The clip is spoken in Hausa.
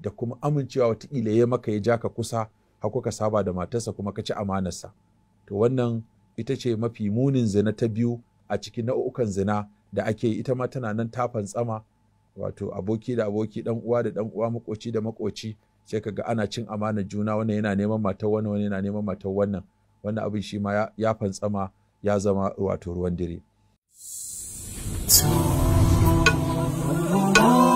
da kuma amincewa watakila ya maka ya ja ka kusa har ka saba da matarsa kuma ka ci amanarsa to wannan ita ce mafi munin zina ta biyu a cikin nau'ukan zina da ake yi ita ma tana nan tafan tsama wato aboki da aboki dan uwa da dan uwa makoci da makoci sai kaga ana cin amana juna wanda yana neman matar wannan wani yana neman matar wannan wannan abin shi ma ya fantsama ya zama wato ruwan dire.